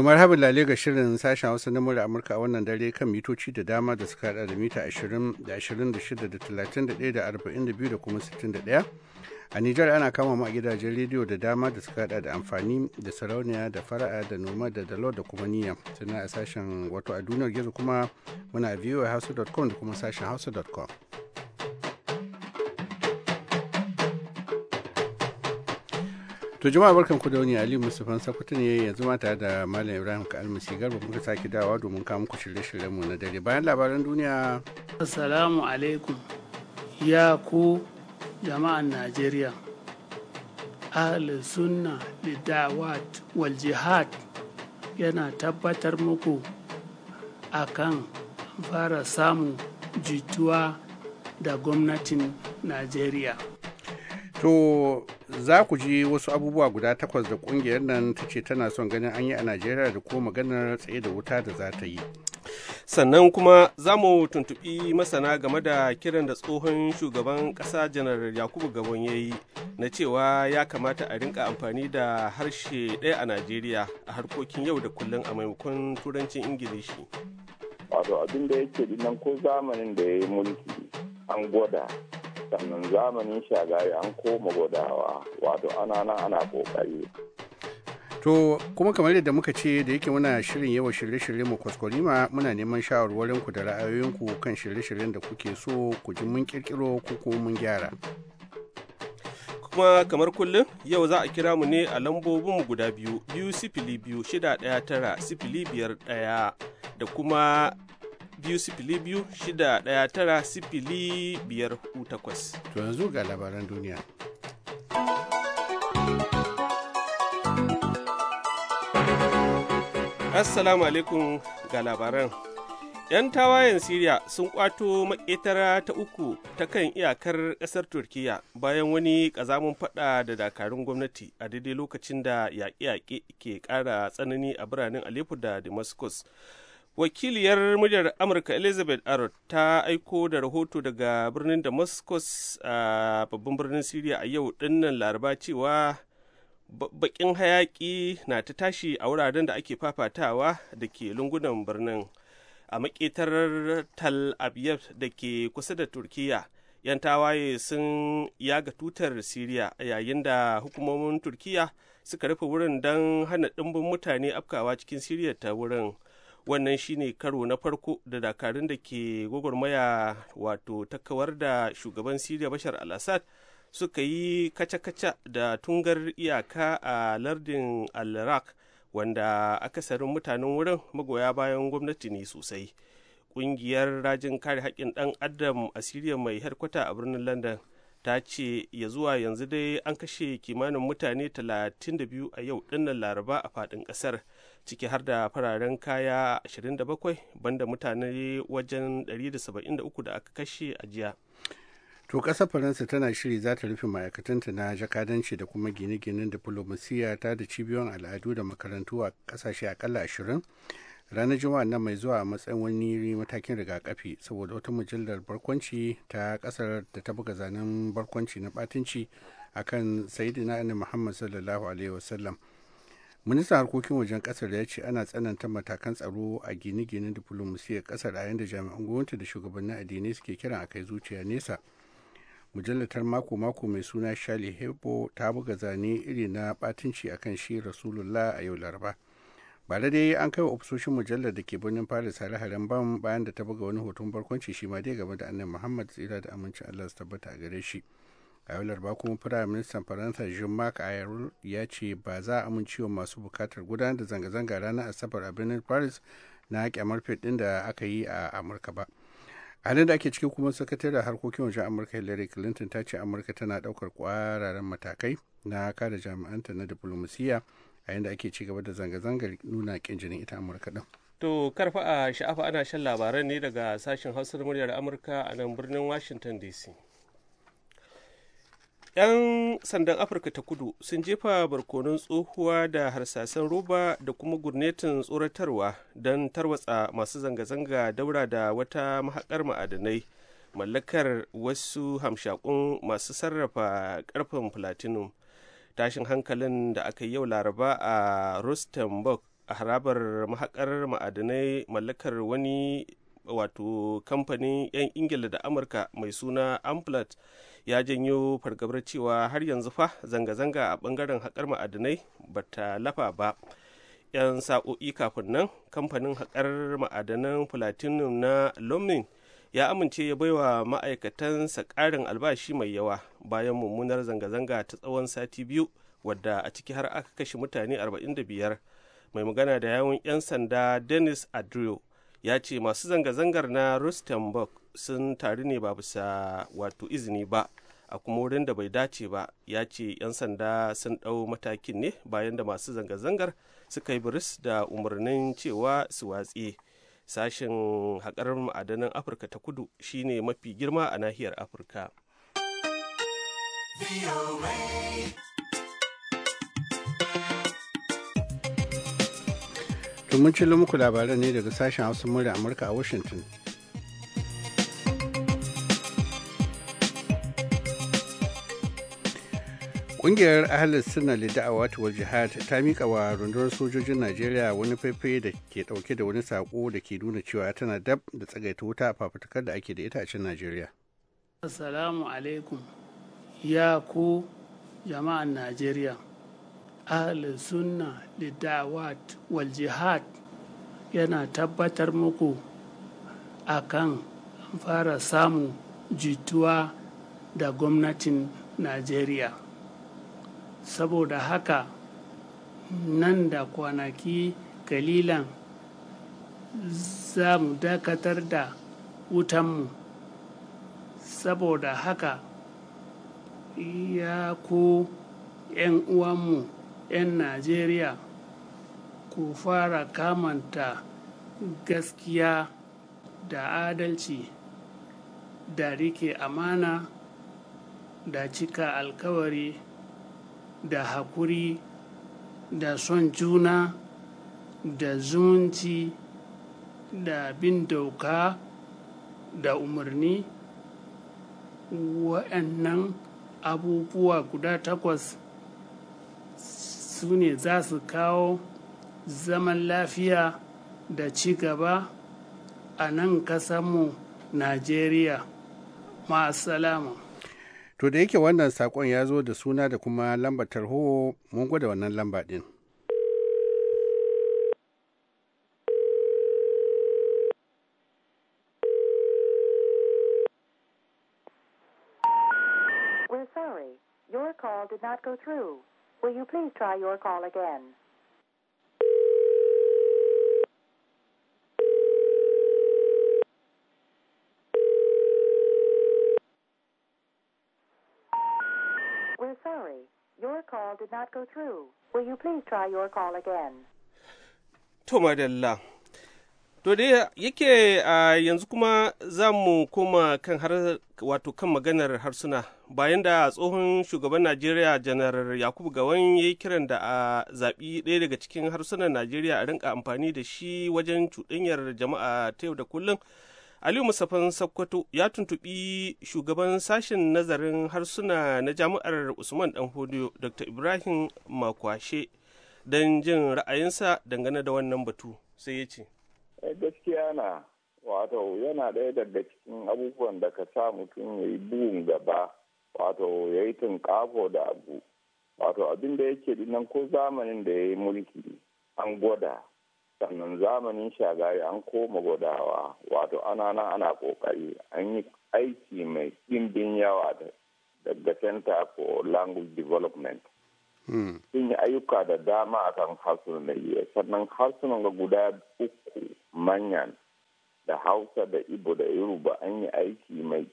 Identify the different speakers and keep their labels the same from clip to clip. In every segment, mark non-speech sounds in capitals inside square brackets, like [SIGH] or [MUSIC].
Speaker 1: To marhaba lale ga shirin sashen Hausa na murya Amurka a wannan dare kan mitoci da dama da suka hada da mita 20 da 26 da 31 da 42 da kuma 61. A Nijar ana kama ma gidajen rediyo da dama da suka hada da amfani da sarauniya da fara'a da noma da dalo da kuma niyya. Sannan a sashen wato a duniyar gizo kuma muna a hausa.com da kuma sashen hausa.com. to jama'a barkan ku da wani ali musufan sakutu ne yanzu mata da malam ibrahim ka almasi garba muka sake dawa domin kama muku shirye-shiryen mu na dare bayan labaran duniya assalamu alaikum ya
Speaker 2: ku jama'an najeriya ahli sunna lidawat wal jihad yana tabbatar muku akan fara samu jituwa da gwamnatin
Speaker 1: najeriya to za ku ji wasu abubuwa guda takwas da kungiyar nan ta ce tana son ganin an yi a najeriya da kuma maganar tsaye da wuta da za ta yi sannan kuma za mu tuntuɓi masana game da kiran da tsohon shugaban
Speaker 3: ƙasa janar yakubu gabon ya yi na cewa ya kamata a rinka amfani da harshe ɗaya a najeriya a harkokin yau da kullum a maimakon turancin ingilishi
Speaker 4: wato abin da yake dinnan ko zamanin da ya yi mulki an gwada sannan zamanin shagari an koma godawa wato ana nan ana kokari
Speaker 1: to kuma kamar yadda muka ce da yake muna shirin yawa shirye-shirye mu kwaskwarima muna neman shawarwarinku da ra'ayoyinku kan shirye-shiryen da kuke so ku ji mun kirkiro ko ko mun gyara
Speaker 3: kuma kamar kullum yau za a kira mu ne a lambobin mu guda biyu biyu sifili biyu shida ɗaya tara sifili biyar ɗaya da kuma biyu sifili biyu shida ɗaya tara sifili biyar takwas. To yanzu ga labaran duniya. Assalamu alaikum ga labaran. 'Yan tawayen Siriya sun kwato maƙetara ta uku ta kan iyakar ƙasar Turkiyya bayan wani ƙazamin faɗa da dakarun gwamnati a daidai lokacin da yaƙe-yaƙe ke ƙara tsanani a biranen Aleppo da Damascus. wakiliyar muryar amurka elizabeth arot ta aiko da rahoto daga birnin damascus a babban birnin syria a yau dinnan laraba cewa bakin hayaki na ta tashi a wuraren da ake fafatawa da ke lungunan birnin a maketar tal abyab da ke kusa da turkiya yan tawaye sun yaga tutar siriya yayin da hukumomin turkiya suka rufe wurin don hana ɗimbin mutane afkawa cikin syria ta wurin wannan shine karo na farko da dakarun da ke gwagwarmaya wato takawar da shugaban siriya bashar al-assad suka yi kaca-kaca da tungar iyaka a lardin al-iraq wanda akasarin mutanen wurin magoya bayan gwamnati ne sosai ƙungiyar rajin kare haƙƙin ɗan adam a siriya mai harkwata a birnin london ta ce ya zuwa yanzu dai an kashe kimanin mutane 32 a yau ɗinnan laraba a faɗin ƙasar ciki har da fararen kaya 27 banda mutane wajen 173 da aka kashe a jiya.
Speaker 1: To ƙasar Faransa tana shiri za ta rufe ma'aikatanta na jakadanci da kuma gine-ginen diflomasiyya ta da cibiyoyin al'adu da makarantu a ƙasashe akalla ashirin ranar juma'a nan mai zuwa a matsayin wani matakin rigakafi saboda wata mujallar barkwanci ta ƙasar da ta buga zanen barkwanci na batinci akan sayidina annabi Muhammad sallallahu alaihi wasallam. ministan harkokin wajen kasar ya ce ana tsananta matakan tsaro a gine-ginen diflomasiyyar kasar a yadda jami'an gwamnati da shugabannin addinai suke kiran a kai zuciya nesa mujallatar mako-mako mai suna shali hebo ta buga zane iri na batinci a kan shi rasulullah a yau laraba ba da dai an kai wa ofisoshin mujallar da ke birnin paris hare-haren bam bayan da ta buga wani hoton barkwanci shi ma dai game da annan muhammad tsira da amincin allah su tabbata a gare shi a yau larba kuma firayim ministan faransa jean marc ayar ya ce ba za a amincewa masu bukatar gudanar da zanga-zanga ranar asabar a birnin paris na kyamar fit ɗin da aka yi a amurka ba halin da ake ciki kuma sakataren harkokin wajen amurka hillary clinton ta ce amurka tana daukar kwararan matakai na kare jami'anta na diplomasiya a yadda ake ci gaba da zanga-zangar nuna kin jinin ita amurka din
Speaker 3: to karfa a sha'afa ana shan labaran ne daga sashen hausar muryar amurka a nan birnin washington dc 'yan sandan afirka ta kudu sun jefa barkonon tsohuwa da harsasan roba da kuma gurnetin tsoratarwa don tarwatsa masu zanga-zanga daura da wata mahaƙar ma'adanai mallakar wasu hamshakun masu sarrafa karfin platinum tashin hankalin da aka yi yau laraba a rustenburg a harabar mahaƙar ma'adanai mallakar wani wato kamfanin 'yan ingila da amurka mai suna amplat ya janyo fargabar cewa har yanzu fa zanga-zanga a bangaren haƙar ma'adinai ba ta lafa ba yan sa'o'i kafin nan kamfanin haƙar ma'adanan platinum na lomin ya amince ya baiwa ma'aikatansa ƙarin albashi mai yawa bayan mummunar zanga-zanga ta tsawon sati biyu wadda a ciki har aka kashe mutane 45 mai magana da yawun 'yan sanda dennis adrio ya ce masu zanga-zangar na rustenburg sun taru ne ba bisa wato izini ba a kuma wurin da bai dace ba ya ce 'yan sanda sun ɗau matakin ne bayan da masu zanga-zangar suka yi biris da umarnin cewa su watse sashen haƙar ma'adanan afirka ta kudu shine mafi girma a nahiyar afirka
Speaker 1: domin muku labaran ne daga sashen hausa murya amurka a washington Ƙungiyar ahalin Suna Lida'awa Tuwal Jihad ta miƙa wa rundunar sojojin Najeriya wani faifai da ke ɗauke da wani saƙo da ke nuna cewa tana dab da tsagaita wuta a fafutukar da ake da ita a cikin Najeriya.
Speaker 2: Assalamu alaikum ya ku jama'an Najeriya. Ahalar Sunna Lida'awat wal Jihad yana tabbatar muku a kan fara samun jituwa da gwamnatin Najeriya. saboda haka nan da kwanaki kalilan za mu dakatar da wutanmu saboda haka ya ku 'yan uwanmu 'yan najeriya ku fara kamanta gaskiya da adalci da rike amana da cika alkawari da hakuri da son juna da zumunci da bin doka da umarni waɗannan abubuwa guda takwas su ne za su kawo zaman lafiya da ci gaba a nan kasanmu najeriya ma'asalama
Speaker 1: To da yake wannan sakon ya zo da suna da kuma lambar tarho mun gwada wannan lamba din.
Speaker 5: We're sorry. Your call did not go through. Will you please try your call again? call did not go through. Will you please try your call again?
Speaker 3: To madalla. To dai yake a yanzu kuma za mu koma kan har wato kan maganar harsuna bayan da tsohon shugaban Najeriya janar Yakubu Gawan ya yi kiran da a zaɓi ɗaya daga cikin harsunan Najeriya a rinka amfani da shi wajen cuɗanyar jama'a ta yau da kullum. Aliyu Musafan Sakkwato ya tuntuɓi shugaban sashen nazarin harsuna na jami'ar Usman dan hodiyo Dr. Ibrahim Makwashe don jin ra'ayinsa dangane da wannan batu sai ya ce. Eh, gaskiya na
Speaker 4: wato yana ɗaya daga cikin abubuwan da ka sa mutum ya yi bugun gaba wato ya yi tunƙafo da abu wato abin da yake nan ko zamanin da ya yi mulki an gwada sannan zamanin shagari an koma gwadawa wato ana nan ana kokari an yi aiki mai ɗimbin yawa daga center for language development hmm. sun yi ayyuka da dama a kan harsunan da iya sannan harsunan ga guda uku manyan da hausa da ibo da yoruba an yi aiki mai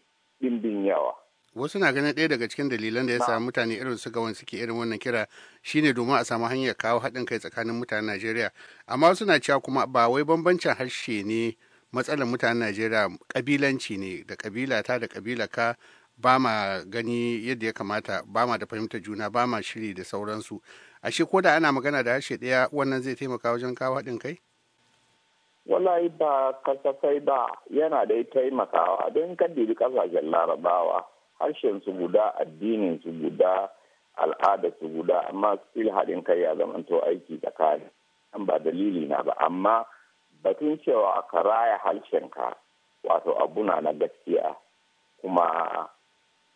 Speaker 4: ɗimbin yawa
Speaker 1: wasu na ganin ɗaya daga cikin dalilan da ya sa mutane irin su gawan suke irin wannan kira shine domin a samu hanyar kawo haɗin kai tsakanin mutanen najeriya amma wasu na cewa kuma ba wai bambancin harshe ne matsalar mutanen najeriya kabilanci ne da kabila ta da kabila ka ba ma gani yadda ya kamata ba ma da fahimtar juna ba ma shiri da sauransu ashe ko da ana magana da harshe ɗaya wannan zai taimaka wajen kawo haɗin kai
Speaker 4: wallahi ba kasafai ba yana da taimakawa don kan kasashen larabawa harshen su guda addinin su guda al'adar su guda amma still haɗin kai ya zamanto aiki tsakanin an ba dalili na ba amma batun cewa ka raya harshenka wato abu na na gaskiya kuma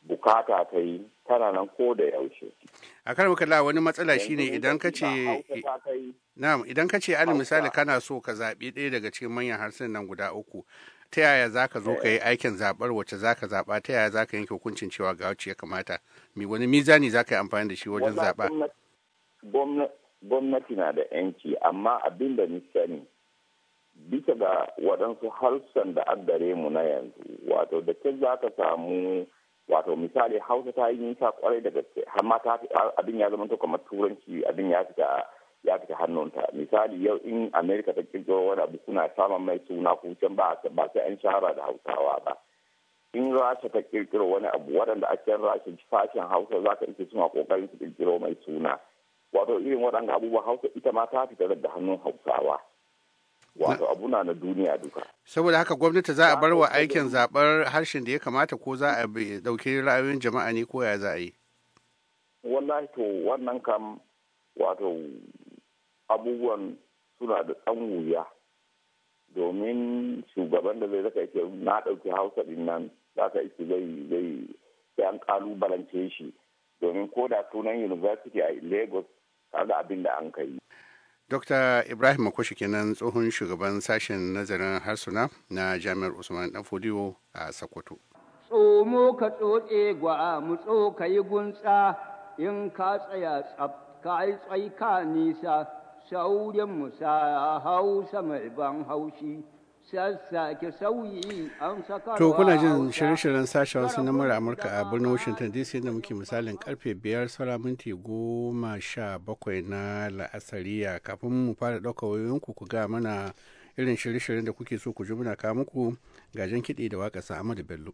Speaker 4: bukata ta yi tana nan ko da yaushe.
Speaker 1: A kan kala wani matsala shine idan ka ce idan ka ce misali kana so ka zaɓi ɗaya daga cikin manyan harsunan guda uku ta yaya za ka zo ka yi eh, eh. aikin zaɓar wacce za ka zaɓa ta yaya za ka yanke hukuncin cewa ga wacce ya kamata mi wani mizani za ka yi amfani da shi wajen zaɓa
Speaker 4: gwamnati na da yanci amma abin da ni bisa ga waɗansu harsan da an gare mu na yanzu wato da ke za ka samu wato misali hausa ta yi nisa kwarai da gaske har abin ya zama to kamar turanci abin ya fita ya fita hannunta misali yau in america ta kirkiro wani abu suna samun mai suna kusan ba ba sai an shahara da hausawa ba in rasha ta kirkiro wani abu waɗanda a can rasha fashin hausa za ka ita suna kokarin su kirkiro mai suna wato irin waɗanda abubuwa hausa ita ma ta fita da hannun hausawa wato abuna na duniya duka
Speaker 1: saboda haka gwamnati za a bar wa aikin zabar harshen da ya kamata ko za a ɗauki ra'ayoyin jama'a ne ko ya za a yi
Speaker 4: wallahi to wannan kam wato abubuwan suna da ɗan wuya domin shugaban da zai zaka yake na ɗauki hausa din nan zaka iske zai zai yan kalubalance ƙalubalance shi domin ko da sunan university a lagos kaga abin da an kai
Speaker 1: Dr. Ibrahim Makoshi kenan tsohon shugaban sashen nazarin harsuna na Jami'ar Usman Danfodiyo a Sokoto.
Speaker 6: Tsomo ka tsotse gwa
Speaker 5: mu tso ka yi gunsa in ka tsaya tsab ka yi tsaika nisa saurin sa hausa mai ban haushi sassake sauyi an saka to kuna jin shirin-shirin
Speaker 1: sashen wasu na mura amurka a birnin washington dc da muke misalin karfe biyar saura minti goma sha bakwai na la'asariya kafin mu fara ɗaukar wayoyin ku ga mana irin shirin-shirin da kuke so ku ji muna kawo muku gajen kiɗi da waka sa amadu Bello.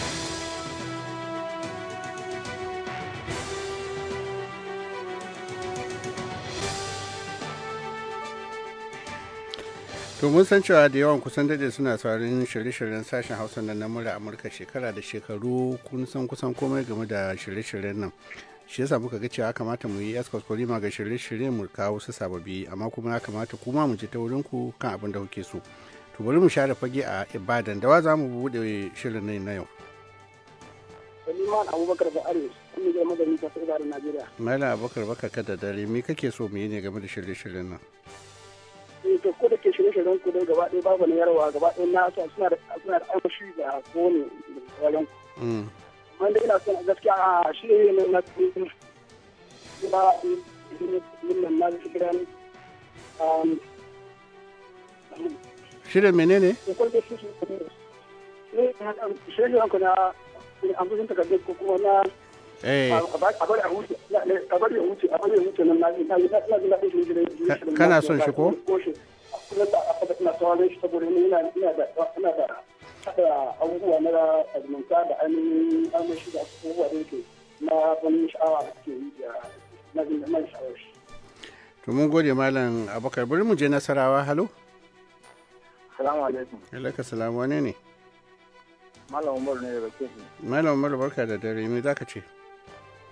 Speaker 1: To mun san cewa da yawan kusan dade suna saurin shirye-shiryen sashen Hausa na namura Amurka shekara da shekaru kun san kusan komai game da shirye-shiryen nan. Shi yasa muka ga cewa kamata mu yi escort kolima ga shirye-shiryen mu kawo su sababi amma kuma ya kamata kuma mu ji ta wurin ku kan abin da kuke so. To bari mu share fage a Ibadan dawa za mu bude shirin nan na yau.
Speaker 5: Suleiman Abubakar da Arewa, kuma ga madani ta Najeriya.
Speaker 1: Malam Abubakar baka kada dare me kake so mu yi ne game da shirye-shiryen nan?
Speaker 5: Ni eh, to ko shirye-shiryen kudin gaba ɗaya babu na yarwa gaba ɗaya na sa suna da suna da armashi ga kowane wajen ku. Wanda ina son a gaskiya a shirye ne na ba yin na shirin
Speaker 1: Shirin menene?
Speaker 5: Shirin ku na amfushin takardar ko kuma na kana son shi ko? kuma ta aka da ina sauraron shi saboda ni ina ina da ina da hada abubuwa na azmunta da ainihin armashi da abubuwa da yake na ganin sha'awa da ke yi da na jin
Speaker 6: man sha'awar shi.
Speaker 1: To mun gode Malam Abubakar bari mu je Nasarawa halo.
Speaker 6: Salamu alaikum.
Speaker 1: Alaikum salam wane ne?
Speaker 6: Malam Umar ne daga Kefi.
Speaker 1: Malam Umar barka da dare me za ka ce?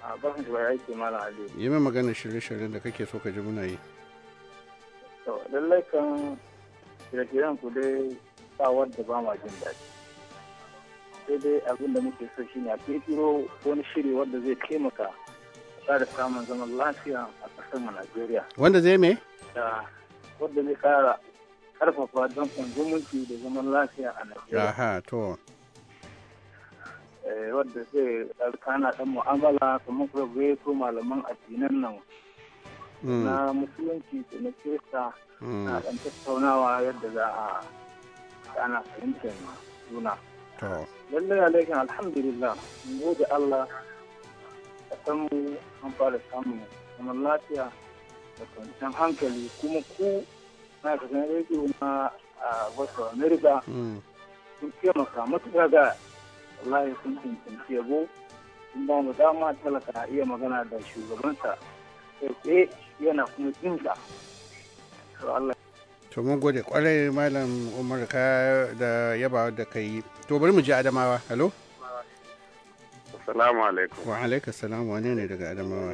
Speaker 6: A barkan da aiki Malam Ali.
Speaker 1: Yi min magana shirye-shiryen da kake so ka ji muna yi.
Speaker 6: lallai kan shirye ku dai ba wadda ba ma jin daɗi sai dai abin da muke so shine a kirkiro wani shiri wadda zai taimaka da samun zaman lafiya a ƙasar Najeriya.
Speaker 1: Wanda zai me?
Speaker 6: Wanda zai kara karfafa don da zaman lafiya a Najeriya.
Speaker 1: Aha, to.
Speaker 6: Eh, wadda zai ɗan mu'amala kamar kuma malaman addinan nan Mm. na musulunci da na kirista
Speaker 7: mm.
Speaker 1: na dan
Speaker 6: tattaunawa yadda za a ana fahimtar juna. Lallai alaikin alhamdulillah mun gode Allah a san mu an fara samun zaman lafiya da kwanciyar hankali kuma ku na kasan rediyo na a wasu america mm. sun taimaka matuƙa ga wallahi sun cancanci yabo sun ba mu dama talaka iya magana da shugabansa sai yana kuma jinta
Speaker 1: to mun gode kwarai malam umar ka da yaba da ka yi to bari mu je adamawa halo
Speaker 4: assalamu alaikum wa
Speaker 1: alaikum salam wane ne daga adamawa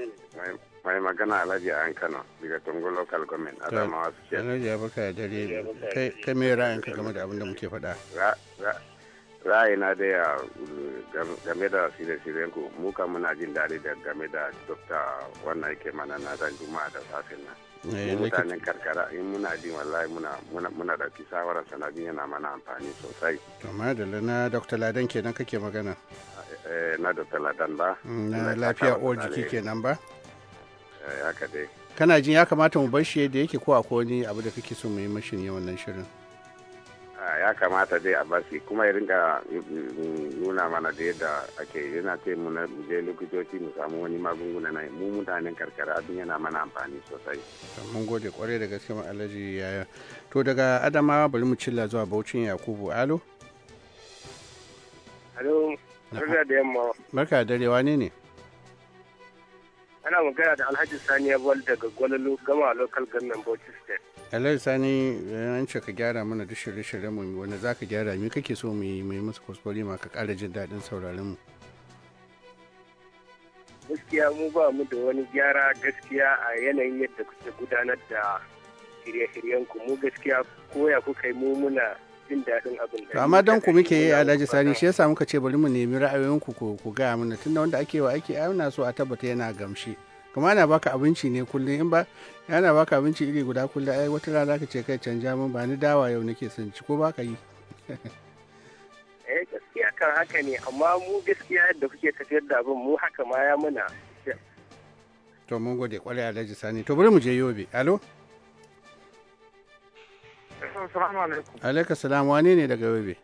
Speaker 1: mai
Speaker 4: magana alhaji an kano daga tungo local government adamawa su ce
Speaker 1: alhaji ya baka dare kai mai ra'ayinka game da abin da muke faɗa
Speaker 4: ra'ayina da ya mm, game da shirye-shiryen ku mu kan muna jin daɗi da game da dokta wannan yake mana na zan juma da safin nan eh, mutanen karkara in muna jin wallahi muna muna ɗauki kisawar sanadin yana mana amfani sosai
Speaker 1: to madalla na dokta ladan kenan kake magana
Speaker 4: eh, na dokta ladan ba mm, na lafiya uwar jiki kenan ba eh, haka dai
Speaker 1: kana jin ya kamata mu bar shi yadda yake ko akwai wani abu da kake so mu yi mashin yawan nan shirin
Speaker 4: ya kamata dai a basi kuma ya rinka nuna mana da yadda ake yana ce mu na je likitoci mu samu wani magunguna na mu mutanen karkara abin
Speaker 1: yana mana amfani sosai mun gode kwarai da gaske alhaji yaya to daga adamawa bari mu cilla zuwa baucin yakubu alo alo barka da yamma barka da dare wane ne
Speaker 8: ana magana da alhaji sani ya bar daga gwalalu gama local government bauchi state
Speaker 1: alhaji sani an ce ka gyara mana duk shirye-shiryen mu wanda za ka gyara mi kake so mu yi mai musu kuskure ma ka kara jin daɗin sauraron mu
Speaker 8: gaskiya mu ba mu da wani gyara gaskiya a yanayin yadda kuke gudanar da shirye-shiryen ku mu gaskiya koya kuka yi mu muna jin daɗin abin da amma don
Speaker 1: ku muke yi alhaji sani shi yasa muka ce bari mu nemi ra'ayoyinku ku ku gaya mana tunda wanda ake wa aiki ana so a tabbata yana gamshi kuma ana baka abinci ne kullum in ba yana baka abinci iri guda kullum ai wata rana zaka ce kai canja min ba ni dawa yau nake son ci ko baka yi [LAUGHS]
Speaker 8: eh gaskiya kan haka ne amma mu gaskiya yadda kuke tafiyar da abin mu haka ma ya muna
Speaker 1: to mun gode kwarai alhaji sani to bari mu je yobe alo
Speaker 8: Assalamu
Speaker 7: alaikum.
Speaker 1: Alaika salam wane ne daga Yobe?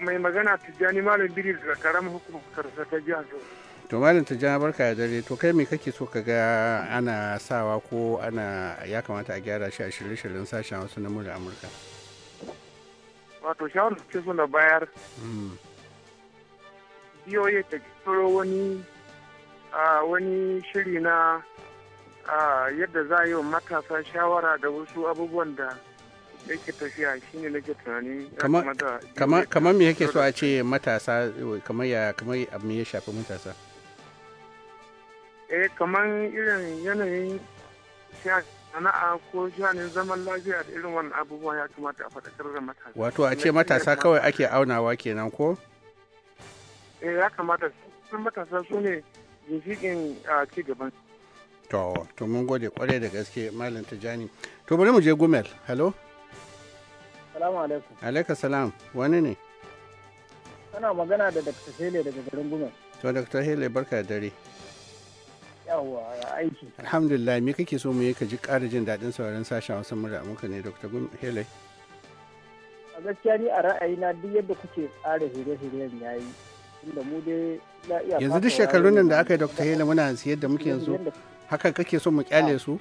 Speaker 7: Mai magana Tijjani Malam Biri daga karamar hukumar karsa ta jihar
Speaker 1: To Malam Tijjani barka da dare to kai me kake so ka ga ana sawa ko ana ya kamata a gyara shi a shirye-shiryen sashen wasu na mura Amurka?
Speaker 7: Wato shawarar da so suna bayar.
Speaker 6: Biyoye hmm. ta kiro wani wani shiri na a yadda za a yi wa matasa shawara da wasu abubuwan da yake tafiya shi ne nake tunani kamar me yake so a
Speaker 1: ce matasa kamar ya kamar abu ya shafi matasa
Speaker 6: eh kamar irin yanayin sana'a ko shanin zaman lafiya da irin wannan abubuwa ya kamata a faɗakar da matasa
Speaker 1: wato a ce matasa kawai ake aunawa kenan ko
Speaker 6: eh ya kamata matasa su ne ginshiƙin a ah, ci gaban su
Speaker 1: to to mun gode kwarai da gaske malam tijani to bari mu je gumel hello
Speaker 6: salamu alaikum
Speaker 1: alaikum salam wani ne
Speaker 6: ana magana da dr hele daga garin gumel
Speaker 1: to dr hele barka da dare
Speaker 6: yawwa aiki
Speaker 1: alhamdulillah me kake so mu yi ka ji ƙara jin daɗin sauran sashen hausa murya muka ne dr hele
Speaker 5: a gaskiya ni a ra'ayina duk yadda kuke tsara hire-hiren yayi inda mu dai yanzu duk shekarun nan da aka
Speaker 1: yi dr hele muna siyar da muke yanzu hakan kake so mu kyale ah. su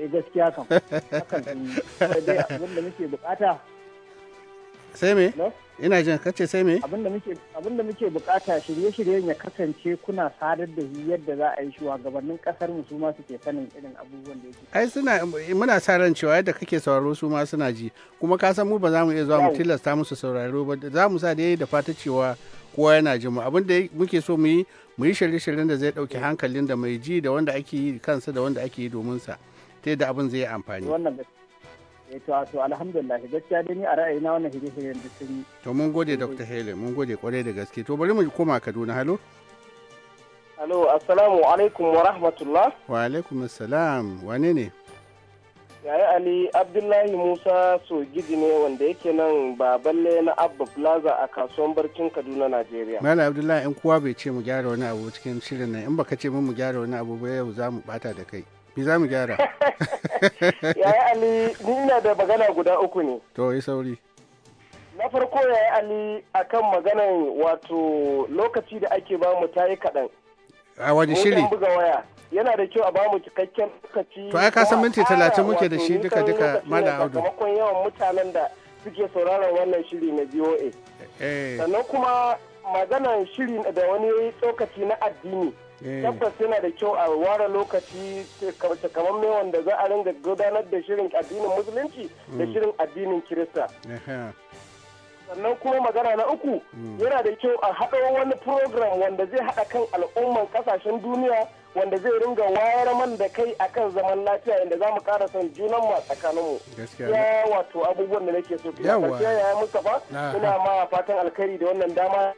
Speaker 1: eh gaskiya [LAUGHS] kan abin da muke bukata sai me ina jin kace sai me abin da muke bukata shirye-shiryen ya kasance kuna sadar da shi yadda
Speaker 5: za a yi shi gabanin kasar mu su ma suke sanin irin abubuwan da yake
Speaker 1: ai suna muna sa ran cewa yadda kake sauraro su ma suna ji kuma ka san mu ba za mu iya zuwa mu tilasta musu sauraro ba za mu sa da da fata cewa kowa yana jin mu abin da muke so mu yi mu yi shirye-shiryen da zai ɗauki eh. hankalin da mai ji da wanda ake yi kansa da wanda ake yi domin sa ta yadda abin zai yi amfani
Speaker 5: eh, to to alhamdulillah gaskiya dai ni a na wannan shirye-shiryen da sun yi
Speaker 1: to mun gode dr helen mun gode kwarai da gaske to bari mu koma kaduna halo
Speaker 5: halo assalamu
Speaker 8: alaikum wa rahmatullah
Speaker 1: wa alaikum assalam wane ne
Speaker 8: yayi ali abdullahi musa sogidi ne wanda yake nan baballe na abba plaza a kasuwan barkin kaduna nigeria malam
Speaker 1: abdullahi in kowa bai ce mu gyara wani abu cikin shirin nan in baka ce mu gyara wani abu ba yau za mu bata da kai me za mu gyara [LAUGHS] yayi
Speaker 8: ali ni ina da
Speaker 1: magana guda uku ne to yi sauri
Speaker 8: na farko yayi ali akan maganan wato lokaci da ake ba mu tayi kaɗan
Speaker 1: a wani shiri
Speaker 8: yana da kyau a ba mu cikakken lokaci to ai
Speaker 1: ka san minti talatin muke da shi duka
Speaker 7: duka mala audu
Speaker 8: yawan mutanen da suke sauraron wannan shiri na VOA eh, eh. sannan kuma maganan shiri da wani lokaci na addini eh. tabbas yana da kyau a ware lokaci kamar mai wanda za a ringa gudanar da shirin addinin musulunci da mm. shirin addinin kirista
Speaker 1: sannan
Speaker 8: kuma magana na uku mm. yana da kyau a haɗa wani program wanda zai haɗa kan al'umman kasashen duniya wanda zai ringa wayar man da kai akan zaman lafiya inda za mu kara son junan mu a tsakaninmu. Ya wato abubuwan da nake so. Yawwa. Ya Mustapha. Ina ma fatan alkhairi da wannan dama.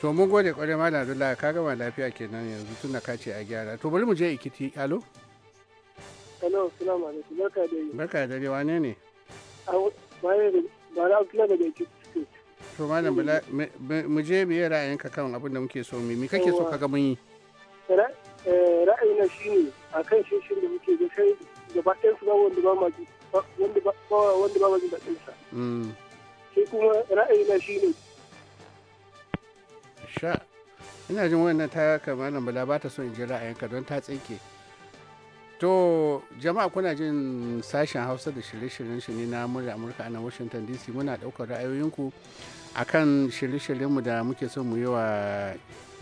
Speaker 1: To mun gode ma da Abdullahi ka gama lafiya kenan yanzu tun ka ce a gyara. To bari mu je Ikiti. Alo.
Speaker 5: Hello, assalamu alaikum. Barka da yi.
Speaker 1: Barka da yi wane ne?
Speaker 5: ba Bala Abdullahi daga Ikiti.
Speaker 1: To malam mu je mu yi ra'ayinka kan abin da muke so mu mi kake so ka ga mun yi?
Speaker 5: Eh, ra'ayina a kan shirin da muke da kai gaba ɗayan su ba wanda ba ma wanda ba ma jin daɗin sa mm. sai kuma ra'ayina shi
Speaker 1: sha ina jin wannan ta nan bala ba ta so in ji ra'ayinka don ta tsinke To jama'a kuna jin sashen Hausa da shirye-shiryen shi ne na murya Amurka na Washington DC muna ɗaukar ra'ayoyinku akan shirye-shiryenmu da muke son mu yi wa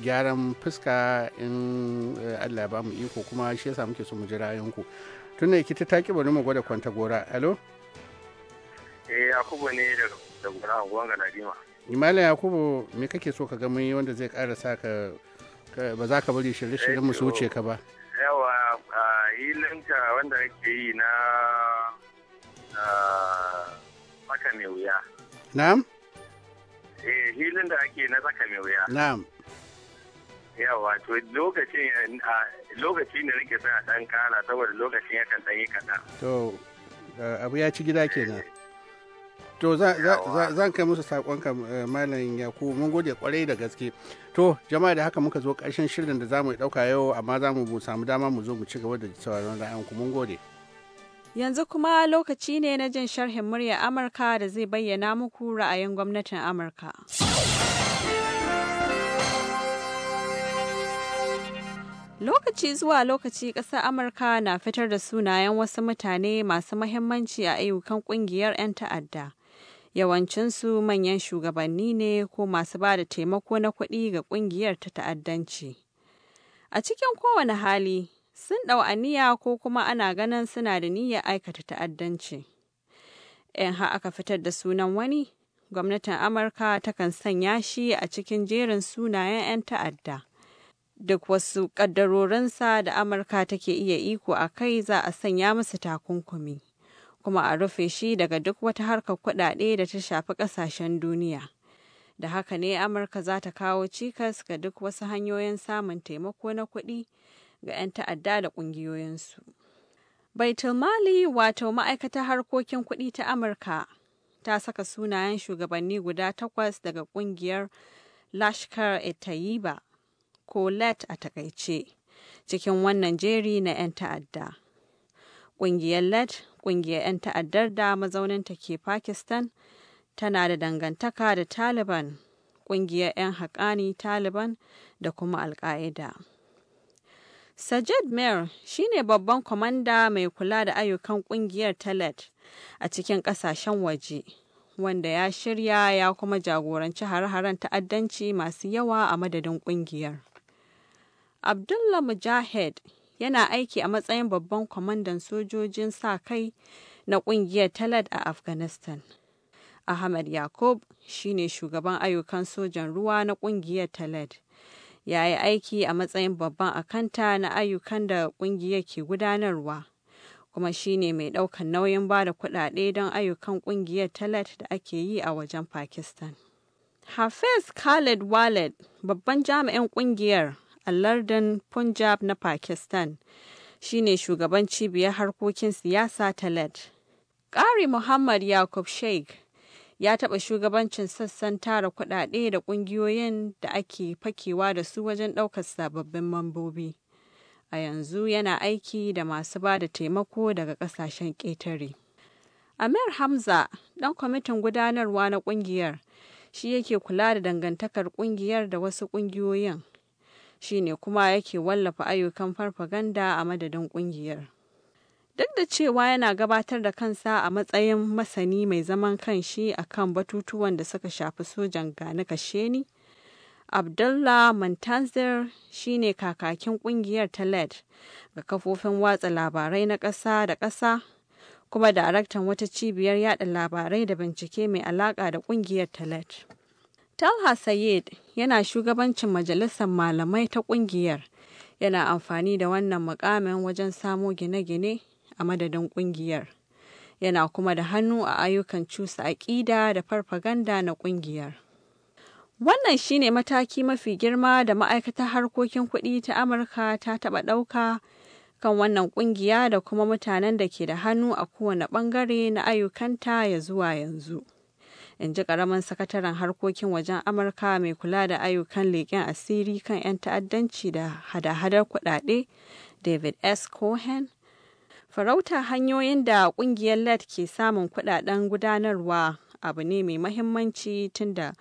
Speaker 1: gyaran fuska in eh, Allah ya mu iko kuma shi yasa muke so mu ji ra'ayoyinku. Tun da kita ta ki bari mu gwada kwanta gora. Alo?
Speaker 8: Eh Yakubu ne daga gora Gwanga Nadima.
Speaker 1: Malam Yakubu me kake so ka ga mun yi wanda zai karasa sa ka ba za ka bari shirye-shiryen mu su wuce ka ba.
Speaker 4: Yawa hilanta wanda ake yi na tsaka mai wuya. Na'am? Eh, hilin da ake na tsaka mai wuya. Na'am. Ya wato lokacin lokacin da nake sa ɗan kara saboda lokacin yakan ɗan yi kaɗan.
Speaker 1: To, eh, abu ya ci gida kenan. to zan kai musu ka eh, malam Yaku, mun gode kwarai da gaske to jama'a da haka muka zo karshen shirin da za mu dauka yau amma za mu samu dama mu zo mu ci gaba da sauraron ku mun gode
Speaker 9: yanzu kuma lokaci ne na jin sharhin murya amurka da zai bayyana muku ra'ayin gwamnatin amurka Lokaci zuwa lokaci ƙasar Amurka na fitar da sunayen wasu mutane masu mahimmanci a ayyukan ƙungiyar 'yan ta'adda. yawancinsu manyan shugabanni ne ko masu ba da taimako na kuɗi ga ƙungiyar ta ta'addanci. A cikin kowane hali, sun ɗau aniya ko kuma ana ganin suna da niyyar aikata ta'addanci. yan ha aka fitar da sunan wani, gwamnatin Amurka takan sanya shi a cikin jerin sunayen 'yan ta'adda. Duk wasu ƙaddarorinsa da Amurka take iya iko a kai za a sanya musu takunkumi. kuma a rufe shi daga duk wata harkar kuɗaɗe da ta shafi ƙasashen duniya. Da haka ne Amurka za ta kawo cikas ga duk wasu hanyoyin samun taimako na kuɗi ga 'yan ta'adda da ƙungiyoyinsu. mali wato ma'aikatar harkokin kuɗi ta Amurka ta saka sunayen shugabanni guda takwas daga ƙungiyar Lashkar etayiba ko LET a takaice, cikin wannan jeri na 'yan ta'adda. Ƙungiyar Laj, ƙungiyar 'yan ta'addar da mazauninta ke Pakistan, tana da dangantaka da Taliban, ƙungiyar 'yan haƙani Taliban da kuma Al-Qaeda. Sajid Mir shine babban kwamanda mai kula da ayyukan ƙungiyar ta Talat a cikin ƙasashen waje. wanda ya shirya ya kuma jagoranci har-haren ta'addanci masu yawa a madadin ƙungiyar. Abdullah Mujahid yana aiki a matsayin babban kwamandan sojojin sa-kai na kungiyar Talad a Afghanistan. Ahmad Yakub shine shugaban ayyukan sojan ruwa na kungiyar Talad. Ya yi aiki a matsayin babban akanta na ayyukan da kungiyar ke gudanarwa, kuma shine mai ɗaukan nauyin ba da kuɗaɗe don ayyukan kungiyar Talat da ake yi a wajen Pakistan. Hafiz Khalid Walid, babban jami'in kungiyar, a lardin Punjab na Pakistan. Shine shugaban cibiyar harkokin siyasa ta LED. Ƙari Muhammad Yakub Sheikh ya taɓa shugabancin sassan tara kuɗaɗe da ƙungiyoyin da ake fakewa da su wajen ɗaukar sababbin mambobi. A yanzu yana aiki da masu ba da taimako daga ƙasashen ƙetare. Amir Hamza, ɗan kwamitin gudanarwa na ƙungiyar, shi yake kula da dangantakar ƙungiyar da wasu ƙungiyoyin shine kuma yake wallafa ayyukan farfaganda a madadin ƙungiyar. Duk da cewa yana gabatar da kansa a matsayin masani mai zaman kanshi a kan batutuwan da suka shafi sojan gani kasheni, Abdullah Mantanzir ne kakakin ƙungiyar ta LED ga kafofin watsa labarai na ƙasa da ƙasa kuma daraktan wata cibiyar yada labarai da bincike mai alaƙa da ƙungiyar ta LED. Talha Sayed yana shugabancin majalisar malamai ta ƙungiyar. Yana amfani da wannan mukamin wajen samo gine-gine a madadin ƙungiyar. Yana kuma da hannu a ayyukan cusa a aƙida da farfaganda na ƙungiyar. Wannan shine mataki mafi girma da ma'aikatar harkokin kuɗi ta Amurka ta taɓa ɗauka kan wannan ƙungiya da kuma mutanen da ke da hannu a kowane ɓangare na ayyukanta ya zuwa yanzu. in ji karamin sakataren harkokin wajen amurka mai kula da ayyukan leƙen asiri kan 'yan ta'addanci da hada-hadar kuɗaɗe david s cohen farauta hanyoyin da ƙungiyar led ke samun kuɗaɗen gudanarwa abu ne mai mahimmanci tunda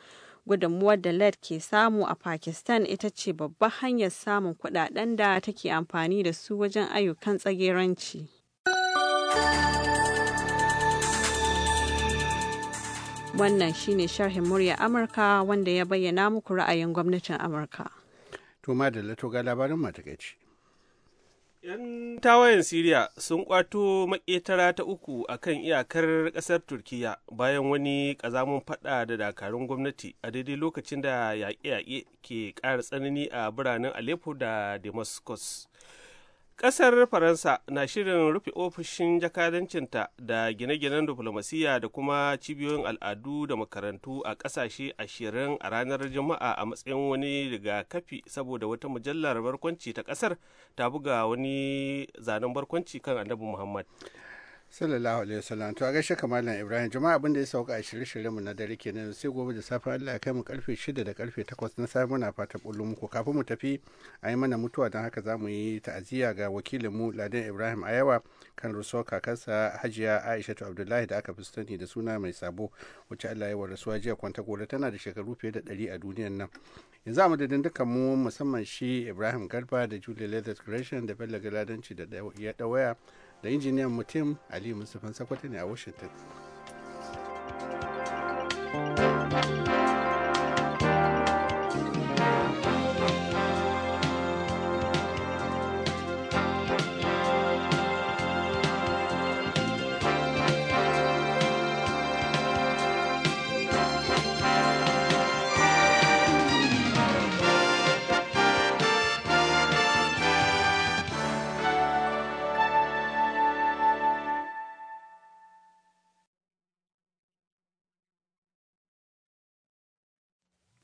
Speaker 9: gudunmuwar da led ke samu a pakistan ita ce babbar hanyar samun kuɗaɗen da take amfani da su wajen ayyukan tsageranci. Wannan shine sharhin murya Amurka wanda ya bayyana muku ra'ayin gwamnatin Amurka.
Speaker 1: To da to ga labarin matakaici. 'Yan tawayen Siriya sun kwato maketara ta uku
Speaker 3: a kan iyakar ƙasar Turkiyya bayan wani ƙazamin faɗa da dakarun gwamnati a daidai lokacin da yaƙe-yaƙe ke ƙara tsanani a biranen Aleppo da Damascus. Ƙasar Faransa na shirin rufe ofishin jakadancinta da gine-ginen diflomasiyya da kuma cibiyoyin al'adu da makarantu a ƙasashe ashirin a ranar Juma'a a matsayin wani rigakafi saboda wata mujallar barkwanci ta ƙasar ta buga wani zanen barkwanci kan Annabi Muhammad.
Speaker 1: sallallahu alaihi wasallam to a gaishe kamalan ibrahim jama'a abin da ya sauka a shirye-shiryen mu na dare kenan sai gobe da safe Allah ya kai mu karfe 6 da karfe 8 na safe muna fata bullo muku kafin mu tafi a yi mana mutuwa don haka zamu yi ta'aziyya ga wakilin mu Ladan Ibrahim Ayawa kan rusuwa kakarsa Hajiya aisha Aishatu Abdullahi da aka fi sani da suna mai sabo wacce Allah ya wa rasuwa jiya kwanta gore tana da shekaru fiye da 100 a duniyar nan yanzu a madadin dukkan mu musamman shi Ibrahim Garba da Julia Leather Creation da Bello Galadanci da ya dawaya da injiniyan mutum ali musufin sakwata ne a washington thank you